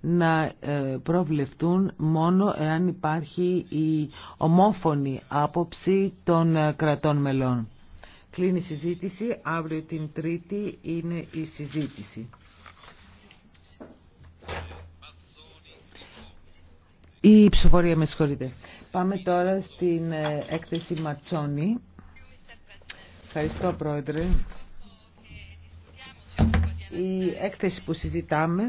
να ε, προβλεφτούν μόνο εάν υπάρχει η ομόφωνη άποψη των ε, κρατών μελών. Κλείνει η συζήτηση. Αύριο την Τρίτη είναι η συζήτηση. Η ψηφορία με συγχωρείτε. Πάμε τώρα στην ε, έκθεση Ματσόνη. Ευχαριστώ Πρόεδρε. Η έκθεση που συζητάμε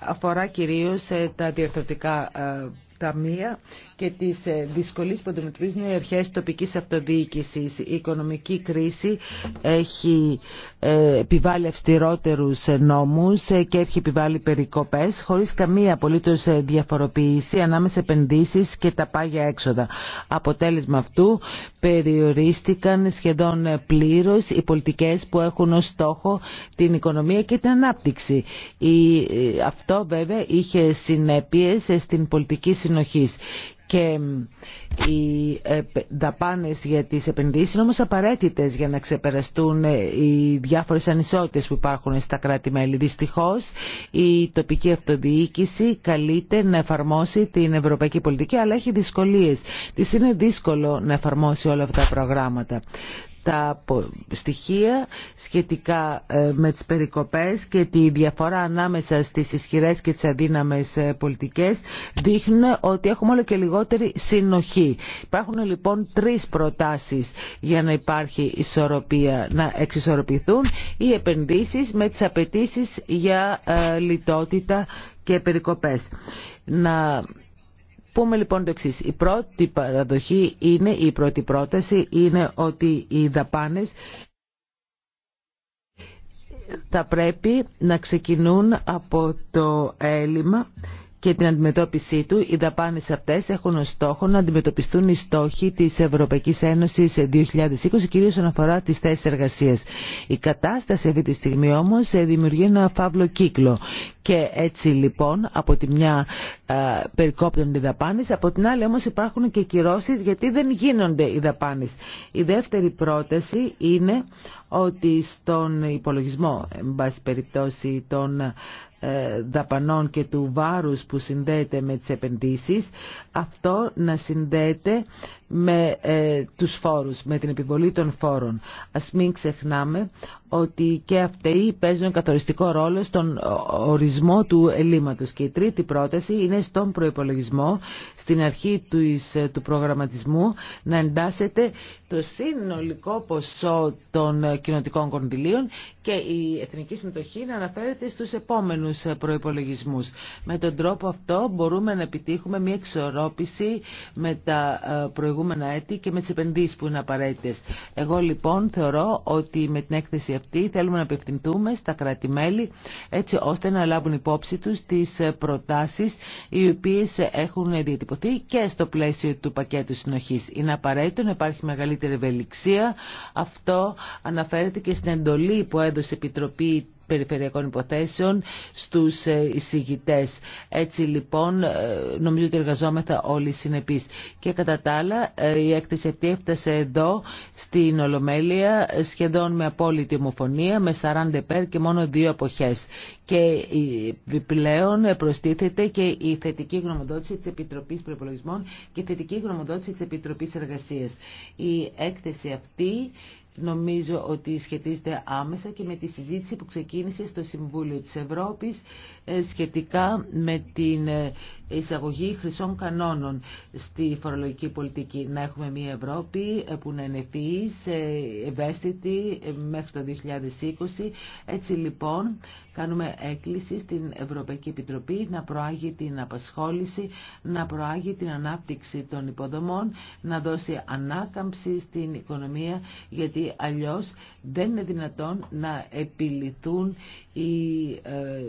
αφορά κυρίως ε, τα διορθωτικά ε, ταμεία και τι ε, δυσκολίε που αντιμετωπίζουν οι αρχέ τοπική αυτοδιοίκηση. Η οικονομική κρίση έχει ε, επιβάλει αυστηρότερου ε, νόμου και έχει επιβάλει περικοπές χωρίς καμία απολύτω διαφοροποίηση ανάμεσα επενδύσει και τα πάγια έξοδα. Αποτέλεσμα αυτού περιορίστηκαν σχεδόν πλήρω οι πολιτικέ που έχουν ω στόχο την οικονομία και την ανάπτυξη. Αυτό βέβαια είχε συνέπειες στην πολιτική συνοχή και οι ε, δαπάνες για τις επενδύσεις είναι όμως απαραίτητες για να ξεπεραστούν ε, οι διάφορες ανισότητες που υπάρχουν στα κράτη-μέλη. Δυστυχώς η τοπική αυτοδιοίκηση καλείται να εφαρμόσει την ευρωπαϊκή πολιτική αλλά έχει δυσκολίες. Της είναι δύσκολο να εφαρμόσει όλα αυτά τα προγράμματα τα στοιχεία σχετικά ε, με τις περικοπές και τη διαφορά ανάμεσα στις ισχυρές και τις αδύναμες ε, πολιτικές δείχνουν ότι έχουμε όλο και λιγότερη συνοχή. Υπάρχουν λοιπόν τρεις προτάσεις για να υπάρχει ισορροπία, να εξισορροπηθούν οι επενδύσεις με τις απαιτήσει για ε, λιτότητα και περικοπές. Να πούμε λοιπόν το εξή. Η πρώτη παραδοχή είναι, η πρώτη πρόταση είναι ότι οι δαπάνες θα πρέπει να ξεκινούν από το έλλειμμα και την αντιμετώπιση του. Οι δαπάνες αυτές έχουν ως στόχο να αντιμετωπιστούν οι στόχοι της Ευρωπαϊκής Ένωσης 2020, κυρίως όσον αφορά τις θέσεις εργασίας. Η κατάσταση αυτή τη στιγμή όμως δημιουργεί ένα φαύλο κύκλο και έτσι λοιπόν από τη μια ε, περικόπτουν οι δαπάνε, από την άλλη όμως υπάρχουν και κυρώσεις γιατί δεν γίνονται οι δαπάνε. Η δεύτερη πρόταση είναι ότι στον υπολογισμό, εν πάση περιπτώσει, των ε, δαπανών και του βάρους που συνδέεται με τις επενδύσεις, αυτό να συνδέεται με ε, τους φόρους, με την επιβολή των φόρων. Ας μην ξεχνάμε ότι και αυτοί παίζουν καθοριστικό ρόλο στον ορισμό του ελλείμματος. Και η τρίτη πρόταση είναι στον προϋπολογισμό, στην αρχή του, ε, του προγραμματισμού, να εντάσσεται το συνολικό ποσό των ε, κοινοτικών κονδυλίων και η εθνική συμμετοχή να αναφέρεται στους επόμενους ε, προϋπολογισμούς. Με τον τρόπο αυτό μπορούμε να επιτύχουμε μια εξορρόπηση με τα προηγούμενα προηγούμενα έτη και με τις επενδύσεις που είναι απαραίτητες. Εγώ λοιπόν θεωρώ ότι με την έκθεση αυτή θέλουμε να απευθυνθούμε στα κράτη-μέλη έτσι ώστε να λάβουν υπόψη τους τις προτάσεις οι οποίε έχουν διατυπωθεί και στο πλαίσιο του πακέτου συνοχής. Είναι απαραίτητο να υπάρχει μεγαλύτερη ευελιξία. Αυτό αναφέρεται και στην εντολή που έδωσε η Επιτροπή περιφερειακών υποθέσεων στους ε, εισηγητές. Έτσι λοιπόν ε, νομίζω ότι εργαζόμεθα όλοι συνεπείς. Και κατά τα άλλα ε, η έκθεση αυτή έφτασε εδώ στην Ολομέλεια σχεδόν με απόλυτη ομοφωνία με 40 πέρ και μόνο δύο αποχές. Και επιπλέον προστίθεται και η θετική γνωμοδότηση της Επιτροπής Προπολογισμών και η θετική γνωμοδότηση της Επιτροπής Εργασίας. Η έκθεση αυτή νομίζω ότι σχετίζεται άμεσα και με τη συζήτηση που ξεκίνησε στο Συμβούλιο της Ευρώπης ε, σχετικά με την ε, εισαγωγή χρυσών κανόνων στη φορολογική πολιτική. Να έχουμε μια Ευρώπη ε, που να είναι ευφυής, ευαίσθητη μέχρι το 2020. Έτσι λοιπόν κάνουμε έκκληση στην Ευρωπαϊκή Επιτροπή να προάγει την απασχόληση, να προάγει την ανάπτυξη των υποδομών, να δώσει ανάκαμψη στην οικονομία γιατί αλλιώς δεν είναι δυνατόν να επιληθούν οι, ε,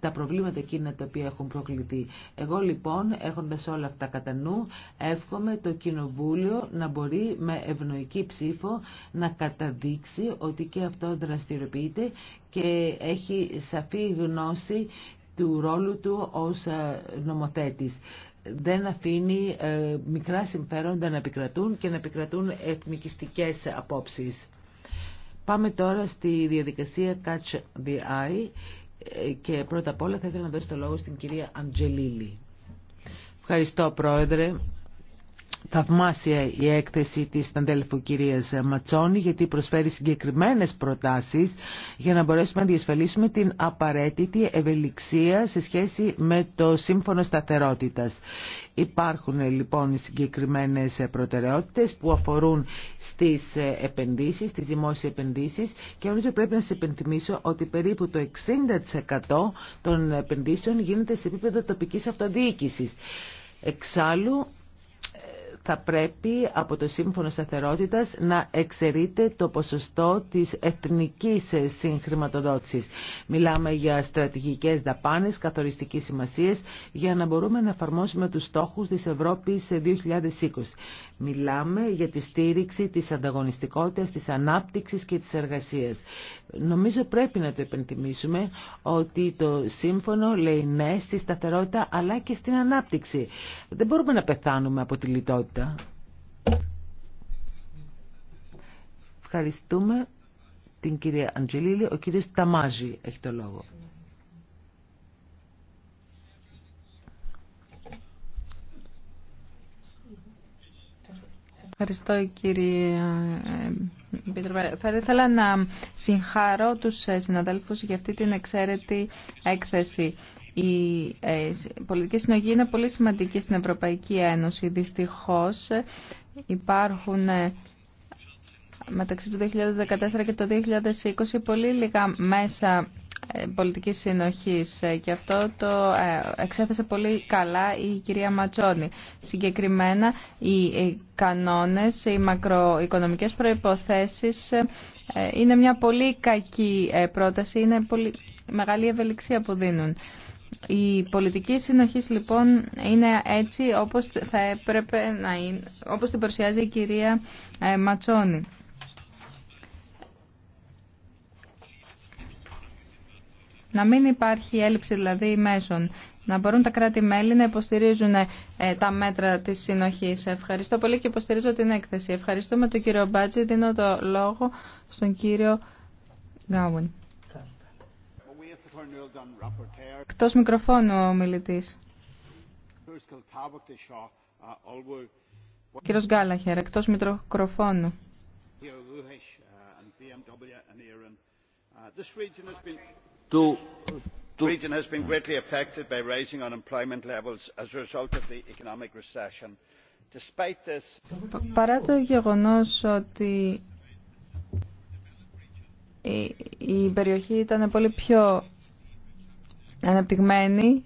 τα προβλήματα εκείνα τα οποία έχουν προκληθεί. Εγώ λοιπόν έχοντας όλα αυτά κατά νου εύχομαι το Κοινοβούλιο να μπορεί με ευνοϊκή ψήφο να καταδείξει ότι και αυτό δραστηριοποιείται και έχει σαφή γνώση του ρόλου του ως ε, νομοθέτης δεν αφήνει ε, μικρά συμφέροντα να επικρατούν και να επικρατούν εθνικιστικές απόψεις. Πάμε τώρα στη διαδικασία Catch the Eye ε, και πρώτα απ' όλα θα ήθελα να δώσω το λόγο στην κυρία Αντζελίλη. Ευχαριστώ Πρόεδρε. Θαυμάσια η έκθεση της Αντέλεφου κυρίας Ματσόνη γιατί προσφέρει συγκεκριμένες προτάσεις για να μπορέσουμε να διασφαλίσουμε την απαραίτητη ευελιξία σε σχέση με το Σύμφωνο Σταθερότητας. Υπάρχουν λοιπόν συγκεκριμένες προτεραιότητες που αφορούν στις επενδύσεις, στις δημόσιες επενδύσεις και νομίζω πρέπει να σας επενθυμίσω ότι περίπου το 60% των επενδύσεων γίνεται σε επίπεδο τοπικής αυτοδιοίκησης. Εξάλλου θα πρέπει από το Σύμφωνο Σταθερότητας να εξαιρείται το ποσοστό της εθνικής συγχρηματοδότησης. Μιλάμε για στρατηγικές δαπάνες καθοριστικής σημασία για να μπορούμε να εφαρμόσουμε τους στόχους της Ευρώπης 2020. Μιλάμε για τη στήριξη της ανταγωνιστικότητας, της ανάπτυξης και της εργασίας. Νομίζω πρέπει να το επενθυμίσουμε ότι το Σύμφωνο λέει ναι στη σταθερότητα αλλά και στην ανάπτυξη. Δεν μπορούμε να πεθάνουμε από τη λιτότητα. Ευχαριστούμε την κυρία Αντζελίλη. Ο κύριος Ταμάζη έχει το λόγο. Ευχαριστώ κύριε ε, Επίτροπε. Θα ήθελα να συγχαρώ τους ε, συναδέλφους για αυτή την εξαίρετη έκθεση. Ε, η πολιτική συνοχή είναι πολύ σημαντική στην Ευρωπαϊκή Ένωση. Δυστυχώς υπάρχουν ε, μεταξύ του 2014 και το 2020 πολύ λίγα μέσα ε, πολιτικής συνοχής και αυτό το εξέθεσε πολύ καλά η κυρία Ματσόνη. Συγκεκριμένα οι κανόνες, οι μακροοικονομικές προϋποθέσεις είναι μια πολύ κακή πρόταση, είναι πολύ μεγάλη ευελιξία που δίνουν. Η πολιτική συνοχή λοιπόν είναι έτσι όπως θα έπρεπε να είναι, όπως την παρουσιάζει η κυρία ε, Ματσόνη. Να μην υπάρχει έλλειψη δηλαδή μέσων. Να μπορούν τα κράτη-μέλη να υποστηρίζουν ε, τα μέτρα της συνοχής. Ευχαριστώ πολύ και υποστηρίζω την έκθεση. Ευχαριστούμε τον κύριο Μπάτζη. Δίνω το λόγο στον κύριο Γκάουιν. Εκτός μικροφώνου ο μιλητής. Κύριος Γκάλαχερ, εκτός μικροφώνου. Του region has been greatly affected by rising unemployment levels as a result of the economic recession. Despite this... Παρά το γεγονός ότι η, η περιοχή ήταν πολύ πιο αναπτυγμένη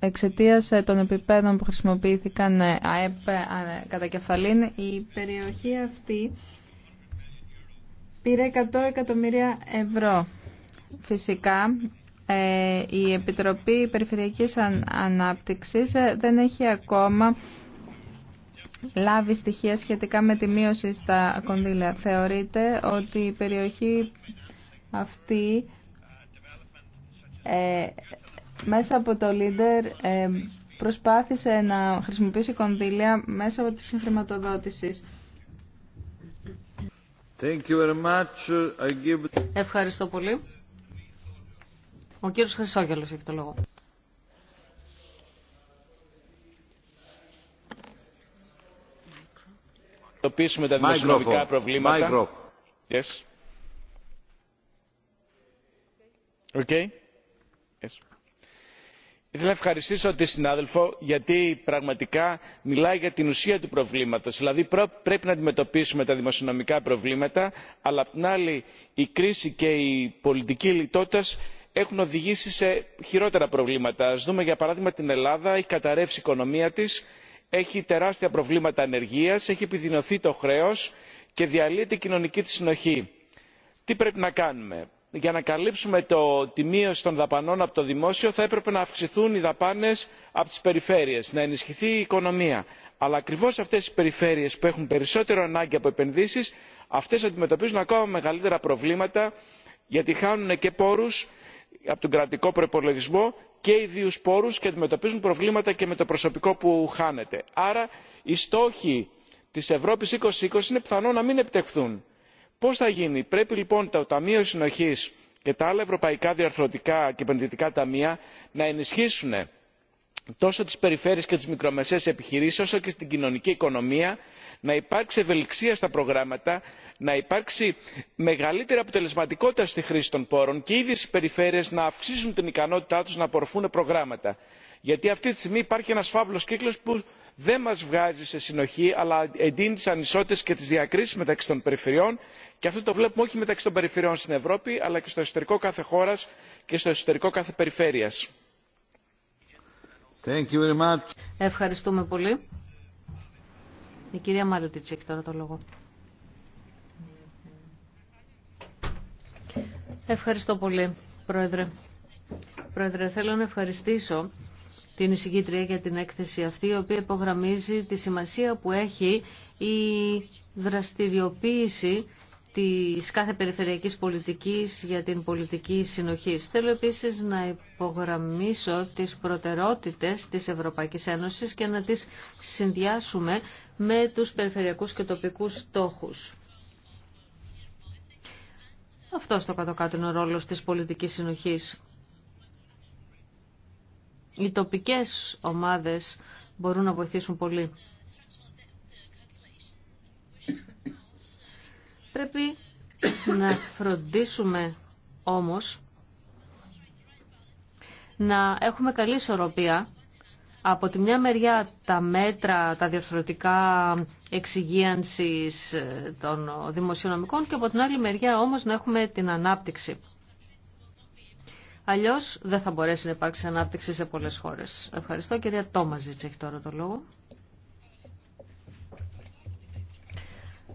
εξαιτία ε, των επιπέδων που χρησιμοποιήθηκαν ε, ΑΕΠ ε, κατά κεφαλήν. Η περιοχή αυτή πήρε 100 εκατομμύρια ευρώ. Φυσικά, η Επιτροπή Περιφερειακής Ανάπτυξης δεν έχει ακόμα λάβει στοιχεία σχετικά με τη μείωση στα κονδύλια. Θεωρείται ότι η περιοχή αυτή ε, μέσα από το Leader ε, προσπάθησε να χρησιμοποιήσει κονδύλια μέσα από τη συγχρηματοδότηση. Thank you very much. I give... Ευχαριστώ πολύ. Ο κύριος Χρυσόγελος έχει το λόγο. αντιμετωπίσουμε τα δημοσιονομικά προβλήματα. Yes. Okay. Ήθελα να ευχαριστήσω τη συνάδελφο γιατί πραγματικά μιλάει για την ουσία του προβλήματος. Δηλαδή πρέπει να αντιμετωπίσουμε τα δημοσιονομικά προβλήματα αλλά απ' την άλλη η κρίση και η πολιτική λιτότητα έχουν οδηγήσει σε χειρότερα προβλήματα. Α δούμε για παράδειγμα την Ελλάδα, έχει καταρρεύσει η οικονομία τη, έχει τεράστια προβλήματα ανεργία, έχει επιδεινωθεί το χρέο και διαλύεται η κοινωνική τη συνοχή. Τι πρέπει να κάνουμε για να καλύψουμε τη μείωση των δαπανών από το δημόσιο θα έπρεπε να αυξηθούν οι δαπάνες από τις περιφέρειες να ενισχυθεί η οικονομία αλλά ακριβώς αυτές οι περιφέρειες που έχουν περισσότερο ανάγκη από επενδύσεις αυτές αντιμετωπίζουν ακόμα μεγαλύτερα προβλήματα γιατί χάνουν και πόρους από τον κρατικό προπολογισμό και ιδίους πόρους και αντιμετωπίζουν προβλήματα και με το προσωπικό που χάνεται. άρα οι στόχοι της ευρώπης 2020 είναι πιθανό να μην επιτευχθούν πώς θα γίνει; πρέπει λοιπόν το ταμείο συνοχής και τα άλλα ευρωπαϊκά διαρθρωτικά και επενδυτικά ταμεία να ενισχύσουν τόσο τις περιφέρειες και τις μικρομεσαίες επιχειρήσεις όσο και την κοινωνική οικονομία να υπάρξει ευελιξία στα προγράμματα να υπάρξει μεγαλύτερη αποτελεσματικότητα στη χρήση των πόρων και οι ίδιες οι περιφέρειες να αυξήσουν την ικανότητά τους να απορροφούν προγράμματα γιατί αυτή τη στιγμή υπάρχει ένας φαύλος κύκλος που δεν μας βγάζει σε συνοχή αλλά εντείνει τις ανισότητες και τις διακρίσεις μεταξύ των περιφερειών και αυτό το βλέπουμε όχι μεταξύ των περιφερειών στην ευρώπη αλλά και στο εσωτερικό κάθε χώρας και στο εσωτερικό κάθε περιφέρειας. Ευχαριστούμε πολύ. Η κυρία τώρα το λόγο. Ευχαριστώ πολύ, Πρόεδρε. Πρόεδρε, θέλω να ευχαριστήσω την εισηγήτρια για την έκθεση αυτή, η οποία υπογραμμίζει τη σημασία που έχει η δραστηριοποίηση της κάθε περιφερειακής πολιτικής για την πολιτική συνοχή. Θέλω επίσης να υπογραμμίσω τις προτερότητες της Ευρωπαϊκής Ένωσης και να τις συνδυάσουμε με τους περιφερειακούς και τοπικούς στόχους. Αυτό στο κάτω-κάτω είναι ο ρόλος της πολιτικής συνοχής οι τοπικές ομάδες μπορούν να βοηθήσουν πολύ. Πρέπει να φροντίσουμε όμως να έχουμε καλή ισορροπία από τη μια μεριά τα μέτρα, τα διορθωτικά εξυγίανσης των δημοσιονομικών και από την άλλη μεριά όμως να έχουμε την ανάπτυξη. Αλλιώ δεν θα μπορέσει να υπάρξει ανάπτυξη σε πολλές χώρες. Ευχαριστώ. Κυρία Τόμαζιτς έχει τώρα το λόγο.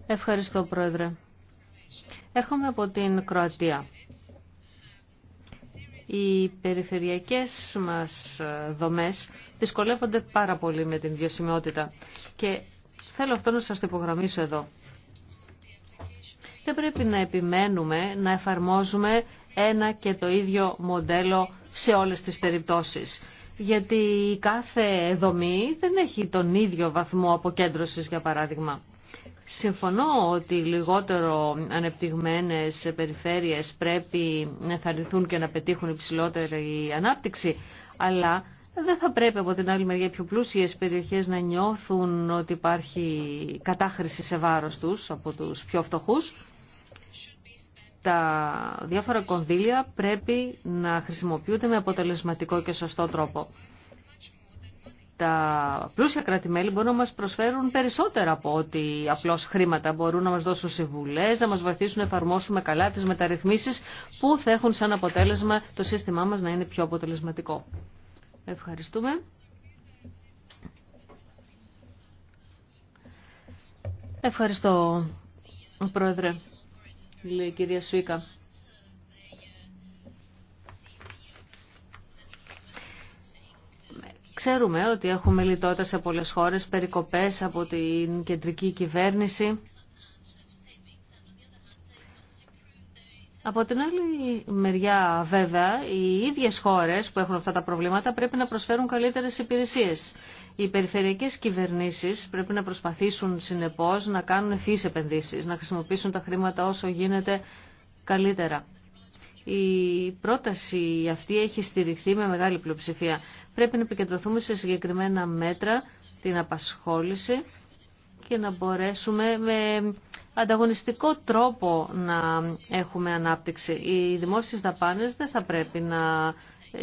Ευχαριστώ, Πρόεδρε. Έρχομαι από την Κροατία. Οι περιφερειακές μας δομές δυσκολεύονται πάρα πολύ με την βιωσιμότητα και θέλω αυτό να σας το υπογραμμίσω εδώ. Δεν πρέπει να επιμένουμε να εφαρμόζουμε ένα και το ίδιο μοντέλο σε όλες τις περιπτώσεις. Γιατί κάθε δομή δεν έχει τον ίδιο βαθμό αποκέντρωσης, για παράδειγμα. Συμφωνώ ότι λιγότερο ανεπτυγμένες περιφέρειες πρέπει να θαρρυνθούν και να πετύχουν υψηλότερη ανάπτυξη, αλλά δεν θα πρέπει από την άλλη μεριά πιο πλούσιες περιοχές να νιώθουν ότι υπάρχει κατάχρηση σε βάρος τους από τους πιο φτωχούς τα διάφορα κονδύλια πρέπει να χρησιμοποιούνται με αποτελεσματικό και σωστό τρόπο. Τα πλούσια κράτη-μέλη μπορούν να μας προσφέρουν περισσότερα από ότι απλώς χρήματα. Μπορούν να μας δώσουν συμβουλές, να μας βοηθήσουν να εφαρμόσουμε καλά τις μεταρρυθμίσεις που θα έχουν σαν αποτέλεσμα το σύστημά μας να είναι πιο αποτελεσματικό. Ευχαριστούμε. Ευχαριστώ, Πρόεδρε λέει κυρία Σουίκα. Ξέρουμε ότι έχουμε λιτότητα σε πολλές χώρες, περικοπές από την κεντρική κυβέρνηση. Από την άλλη μεριά βέβαια οι ίδιες χώρες που έχουν αυτά τα προβλήματα πρέπει να προσφέρουν καλύτερες υπηρεσίες. Οι περιφερειακές κυβερνήσεις πρέπει να προσπαθήσουν συνεπώς να κάνουν ευθύς επενδύσεις, να χρησιμοποιήσουν τα χρήματα όσο γίνεται καλύτερα. Η πρόταση αυτή έχει στηριχθεί με μεγάλη πλειοψηφία. Πρέπει να επικεντρωθούμε σε συγκεκριμένα μέτρα, την απασχόληση και να μπορέσουμε με ανταγωνιστικό τρόπο να έχουμε ανάπτυξη. Οι δημόσιες δαπάνες δεν θα πρέπει να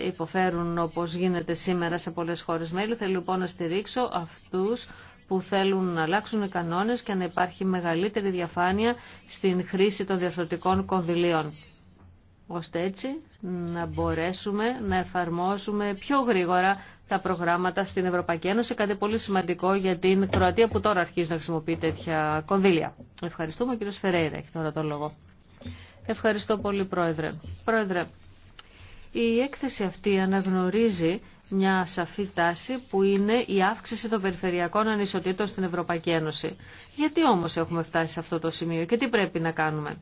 υποφέρουν όπως γίνεται σήμερα σε πολλές χώρες μέλη. Θέλω λοιπόν να στηρίξω αυτούς που θέλουν να αλλάξουν οι κανόνες και να υπάρχει μεγαλύτερη διαφάνεια στην χρήση των διαφορετικών κονδυλίων ώστε έτσι να μπορέσουμε να εφαρμόσουμε πιο γρήγορα τα προγράμματα στην Ευρωπαϊκή Ένωση, κάτι πολύ σημαντικό για την Κροατία που τώρα αρχίζει να χρησιμοποιεί τέτοια κονδύλια. Ευχαριστούμε. Ο κύριος Φερέιρα έχει τώρα το λόγο. Ευχαριστώ πολύ, Πρόεδρε. Πρόεδρε, η έκθεση αυτή αναγνωρίζει μια σαφή τάση που είναι η αύξηση των περιφερειακών ανισοτήτων στην Ευρωπαϊκή Ένωση. Γιατί όμως έχουμε φτάσει σε αυτό το σημείο και τι πρέπει να κάνουμε.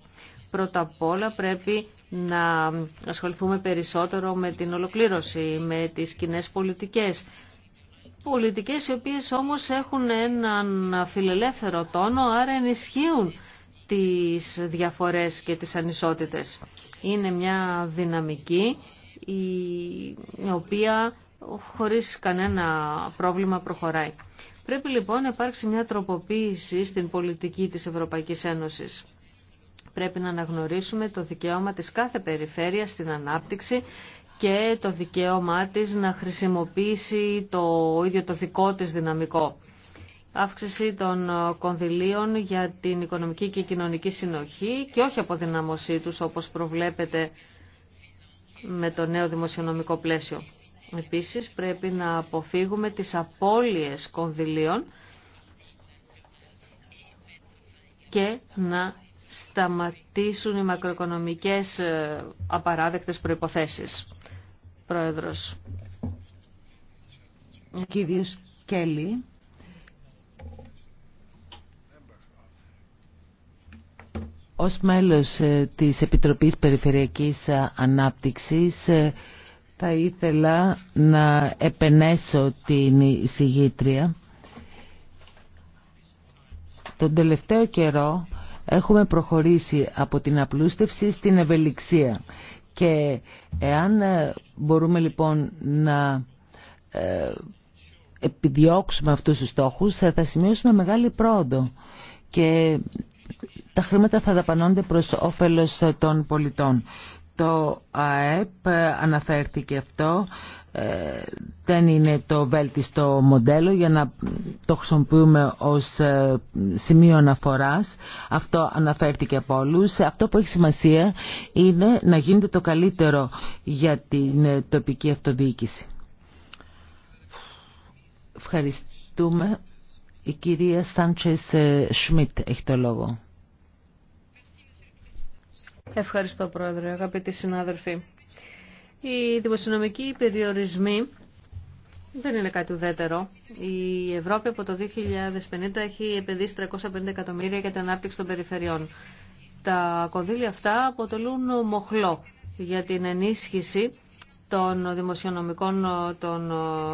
Πρώτα απ' όλα πρέπει να ασχοληθούμε περισσότερο με την ολοκλήρωση, με τις κοινέ πολιτικές. Πολιτικές οι οποίες όμως έχουν έναν φιλελεύθερο τόνο, άρα ενισχύουν τις διαφορές και τις ανισότητες. Είναι μια δυναμική η οποία χωρίς κανένα πρόβλημα προχωράει. Πρέπει λοιπόν να υπάρξει μια τροποποίηση στην πολιτική της Ευρωπαϊκής Ένωσης. Πρέπει να αναγνωρίσουμε το δικαίωμα της κάθε περιφέρειας στην ανάπτυξη και το δικαίωμά της να χρησιμοποιήσει το ίδιο το δικό της δυναμικό. Αύξηση των κονδυλίων για την οικονομική και κοινωνική συνοχή και όχι αποδυναμωσή τους όπως προβλέπεται με το νέο δημοσιονομικό πλαίσιο. Επίσης πρέπει να αποφύγουμε τις απώλειες κονδυλίων και να σταματήσουν οι μακροοικονομικές ε, απαράδεκτες προϋποθέσεις. Πρόεδρος. κύριος Κέλλη. Ως μέλος ε, της Επιτροπής Περιφερειακής Ανάπτυξης ε, θα ήθελα να επενέσω την εισηγήτρια. Τον τελευταίο καιρό έχουμε προχωρήσει από την απλούστευση στην ευελιξία. Και εάν ε, μπορούμε λοιπόν να ε, επιδιώξουμε αυτούς τους στόχους ε, θα σημειώσουμε μεγάλη πρόοδο και τα χρήματα θα δαπανώνται προς όφελος των πολιτών το ΑΕΠ αναφέρθηκε αυτό ε, δεν είναι το βέλτιστο μοντέλο για να το χρησιμοποιούμε ως ε, σημείο αναφοράς. Αυτό αναφέρθηκε από όλου. Αυτό που έχει σημασία είναι να γίνεται το καλύτερο για την ε, τοπική αυτοδιοίκηση. Ευχαριστούμε. Η κυρία Σάντσες Σμιτ έχει το λόγο. Ευχαριστώ Πρόεδρε, αγαπητοί συνάδελφοι. Οι δημοσιονομικοί περιορισμοί δεν είναι κάτι ουδέτερο. Η Ευρώπη από το 2050 έχει επενδύσει 350 εκατομμύρια για την ανάπτυξη των περιφερειών. Τα κονδύλια αυτά αποτελούν μοχλό για την ενίσχυση των δημοσιονομικών ε, των ε,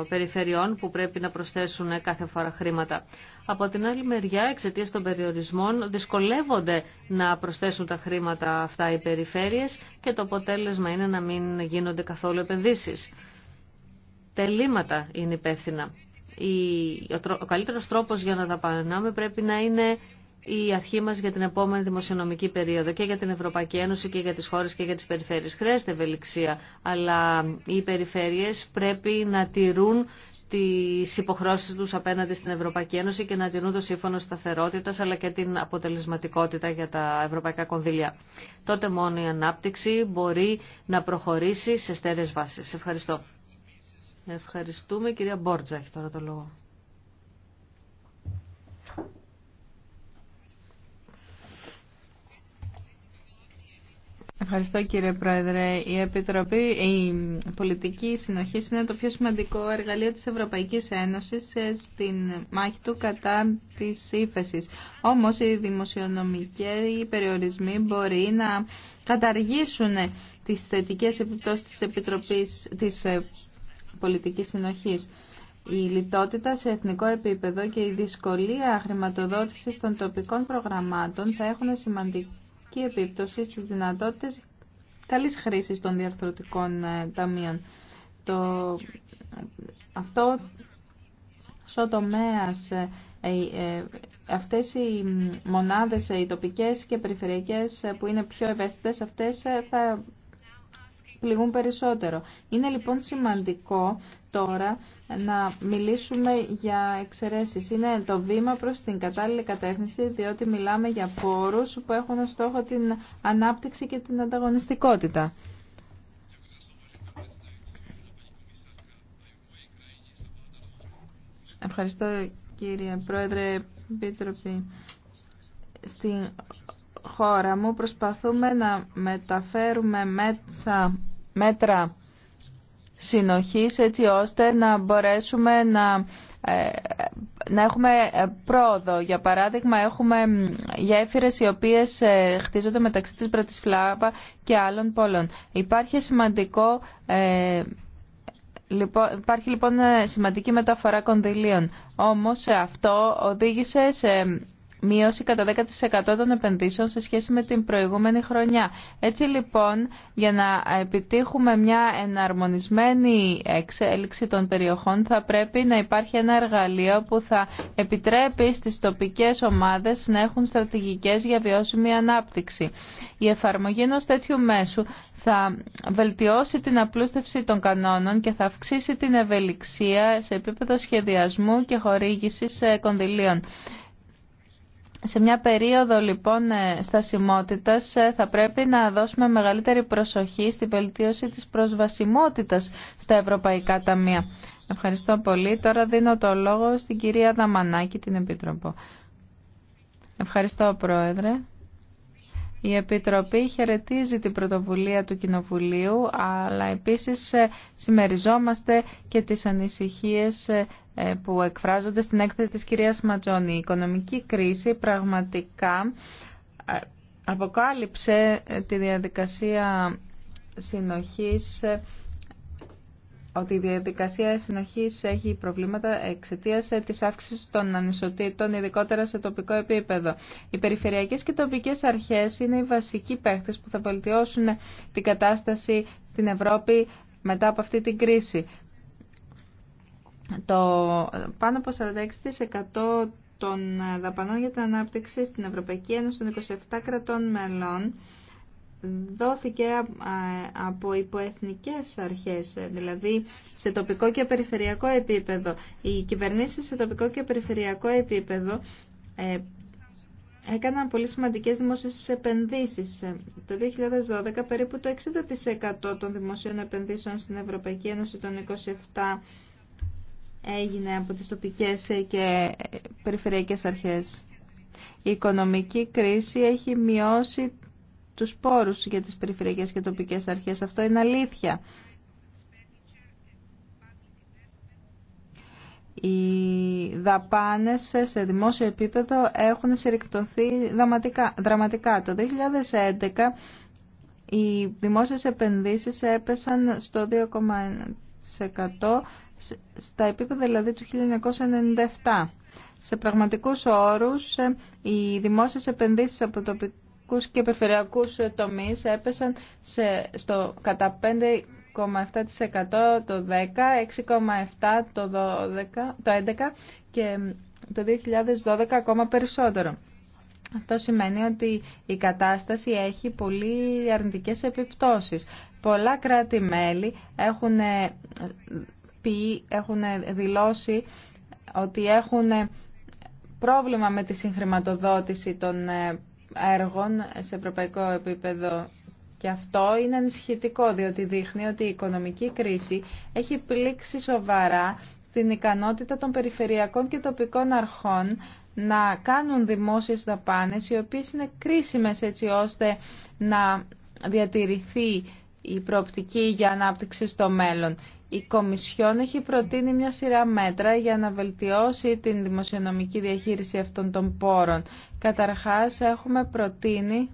περιφερειών που πρέπει να προσθέσουν κάθε φορά χρήματα. Από την άλλη μεριά, εξαιτία των περιορισμών, δυσκολεύονται να προσθέσουν τα χρήματα αυτά οι περιφέρειες και το αποτέλεσμα είναι να μην γίνονται καθόλου επενδύσεις. Τελήματα είναι υπεύθυνα. Ο καλύτερος τρόπος για να δαπανάμε πρέπει να είναι η αρχή μα για την επόμενη δημοσιονομική περίοδο και για την Ευρωπαϊκή Ένωση και για τι χώρε και για τι περιφέρειες. Χρειάζεται ευελιξία, αλλά οι περιφέρειες πρέπει να τηρούν τι υποχρώσεις του απέναντι στην Ευρωπαϊκή Ένωση και να τηρούν το σύμφωνο σταθερότητα, αλλά και την αποτελεσματικότητα για τα ευρωπαϊκά κονδύλια. Τότε μόνο η ανάπτυξη μπορεί να προχωρήσει σε στέρεες βάσει. Ευχαριστώ. Ευχαριστούμε. Κυρία Μπόρτζα έχει τώρα το λόγο. Ευχαριστώ κύριε Πρόεδρε. Η, Επιτροπή, η πολιτική συνοχή είναι το πιο σημαντικό εργαλείο της Ευρωπαϊκής Ένωσης ε, στην μάχη του κατά της ύφεσης. Όμως οι δημοσιονομικοί περιορισμοί μπορεί να καταργήσουν τις θετικές επιπτώσεις της, Επιτροπής, της ε, πολιτικής συνοχής. Η λιτότητα σε εθνικό επίπεδο και η δυσκολία χρηματοδότησης των τοπικών προγραμμάτων θα έχουν σημαντικό και επίπτωση στις δυνατότητες καλής χρήσης των διαρθρωτικών ε, ταμείων. Το... Αυτό ο ε, ε, αυτές οι μονάδες, οι τοπικές και περιφερειακές που είναι πιο ευαίσθητες, αυτές θα πληγούν περισσότερο. Είναι λοιπόν σημαντικό τώρα να μιλήσουμε για εξαιρέσεις. Είναι το βήμα προς την κατάλληλη κατεύθυνση, διότι μιλάμε για πόρους που έχουν στόχο την ανάπτυξη και την ανταγωνιστικότητα. Ευχαριστώ κύριε Πρόεδρε Επίτροπη. Στην χώρα μου προσπαθούμε να μεταφέρουμε μέτσα, μέτρα συνοχής έτσι ώστε να μπορέσουμε να, ε, να έχουμε ε, πρόοδο. Για παράδειγμα έχουμε γέφυρες οι οποίες ε, χτίζονται μεταξύ της Πρατισφλάβα και άλλων πόλων. Υπάρχει σημαντικό... Λοιπόν, υπάρχει λοιπόν σημαντική μεταφορά κονδυλίων, όμως αυτό οδήγησε σε μείωση κατά 10% των επενδύσεων σε σχέση με την προηγούμενη χρονιά. Έτσι λοιπόν, για να επιτύχουμε μια εναρμονισμένη εξέλιξη των περιοχών, θα πρέπει να υπάρχει ένα εργαλείο που θα επιτρέπει στις τοπικές ομάδες να έχουν στρατηγικές για βιώσιμη ανάπτυξη. Η εφαρμογή ενός τέτοιου μέσου θα βελτιώσει την απλούστευση των κανόνων και θα αυξήσει την ευελιξία σε επίπεδο σχεδιασμού και χορήγησης ε, κονδυλίων. Σε μια περίοδο λοιπόν ε, στασιμότητας ε, θα πρέπει να δώσουμε μεγαλύτερη προσοχή στην βελτίωση της προσβασιμότητας στα ευρωπαϊκά ταμεία. Ευχαριστώ πολύ. Τώρα δίνω το λόγο στην κυρία Δαμανάκη, την Επίτροπο. Ευχαριστώ Πρόεδρε. Η Επιτροπή χαιρετίζει την πρωτοβουλία του Κοινοβουλίου, αλλά επίσης ε, συμμεριζόμαστε και τις ανησυχίες ε, που εκφράζονται στην έκθεση της κυρίας Ματζόνη. Η οικονομική κρίση πραγματικά ε, αποκάλυψε ε, τη διαδικασία συνοχής ότι η διαδικασία συνοχής έχει προβλήματα εξαιτίας της αύξησης των ανισοτήτων, ειδικότερα σε τοπικό επίπεδο. Οι περιφερειακές και τοπικές αρχές είναι οι βασικοί παίχτες που θα βελτιώσουν την κατάσταση στην Ευρώπη μετά από αυτή την κρίση. Το πάνω από 46% των ε, δαπανών για την ανάπτυξη στην Ευρωπαϊκή Ένωση των 27 κρατών μελών δόθηκε ε, από υποεθνικές αρχές, ε, δηλαδή σε τοπικό και περιφερειακό επίπεδο. Οι κυβερνήσεις σε τοπικό και περιφερειακό επίπεδο έκαναν πολύ σημαντικές δημόσιες επενδύσεις. Το 2012 περίπου το 60% των δημοσίων επενδύσεων στην Ευρωπαϊκή Ένωση των 27 έγινε από τις τοπικές και περιφερειακές αρχές. Η οικονομική κρίση έχει μειώσει τους πόρους για τις περιφερειακές και τοπικές αρχές. Αυτό είναι αλήθεια. οι δαπάνες σε δημόσιο επίπεδο έχουν συρρικτωθεί δραματικά. Το 2011 οι δημόσιες επενδύσεις έπεσαν στο 2,1 στα επίπεδα δηλαδή του 1997. Σε πραγματικούς όρους, ε, οι δημόσιες επενδύσεις από τοπικούς και περιφερειακούς ε, τομείς έπεσαν σε, στο κατά 5,7% το 10, 6,7% το, 12, το 11 και το 2012 ακόμα περισσότερο. Αυτό σημαίνει ότι η κατάσταση έχει πολύ αρνητικές επιπτώσεις. Πολλά κράτη-μέλη έχουν, έχουν δηλώσει ότι έχουν πρόβλημα με τη συγχρηματοδότηση των ε, έργων σε ευρωπαϊκό επίπεδο. Και αυτό είναι ανησυχητικό, διότι δείχνει ότι η οικονομική κρίση έχει πλήξει σοβαρά την ικανότητα των περιφερειακών και τοπικών αρχών να κάνουν δημόσιες δαπάνες, οι οποίες είναι κρίσιμες έτσι ώστε να διατηρηθεί η προοπτική για ανάπτυξη στο μέλλον. Η Κομισιόν έχει προτείνει μια σειρά μέτρα για να βελτιώσει την δημοσιονομική διαχείριση αυτών των πόρων. Καταρχάς, έχουμε προτείνει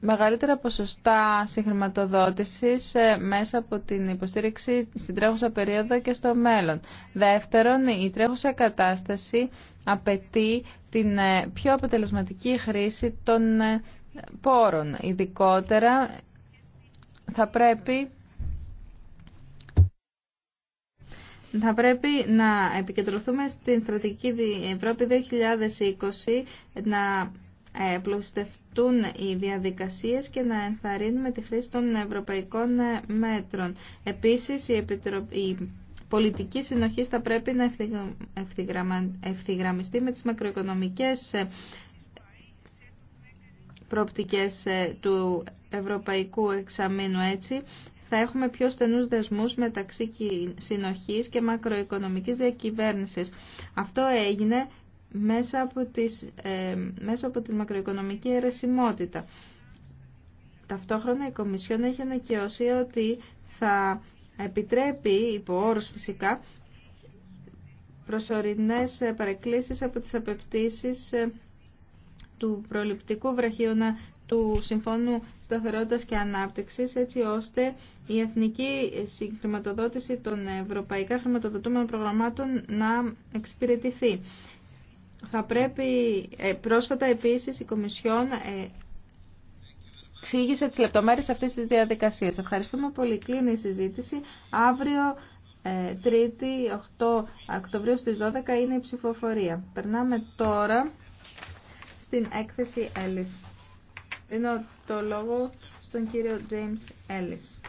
μεγαλύτερα ποσοστά συγχρηματοδότησης ε, μέσα από την υποστήριξη στην τρέχουσα περίοδο και στο μέλλον. Δεύτερον, η τρέχουσα κατάσταση απαιτεί την ε, πιο αποτελεσματική χρήση των ε, πόρων. Ειδικότερα θα πρέπει θα πρέπει να επικεντρωθούμε στην στρατηγική Ευρώπη 2020 να πλουστευτούν οι διαδικασίες και να ενθαρρύνουμε τη χρήση των ευρωπαϊκών ε, μέτρων. Επίσης, η, πολιτική συνοχή θα πρέπει να ευθυγραμμιστεί με τις μακροοικονομικές ε, προοπτικές ε, του ευρωπαϊκού εξαμήνου έτσι θα έχουμε πιο στενούς δεσμούς μεταξύ συνοχής και μακροοικονομικής διακυβέρνησης. Αυτό έγινε μέσα από, τις, ε, μέσα από τη μακροοικονομική αιρεσιμότητα. Ταυτόχρονα η Κομισιόν έχει ανακοινώσει ότι θα επιτρέπει, υπό όρους φυσικά, προσωρινές παρεκκλήσεις από τις απεπτήσεις ε, του προληπτικού βραχίωνα του Συμφώνου Σταθερότητας και Ανάπτυξης, έτσι ώστε η εθνική συγχρηματοδότηση των ευρωπαϊκά χρηματοδοτούμενων προγραμμάτων να εξυπηρετηθεί. Θα πρέπει, ε, πρόσφατα επίσης η Κομισιόν ε, εξήγησε τις λεπτομέρειες αυτής της διαδικασίας. Ευχαριστούμε πολύ. Κλείνει η συζήτηση. Αύριο, 3η, ε, 8 Οκτωβρίου στις 12 είναι η ψηφοφορία. Περνάμε τώρα στην έκθεση Έλλης. Δίνω το λόγο στον κύριο James Ellis.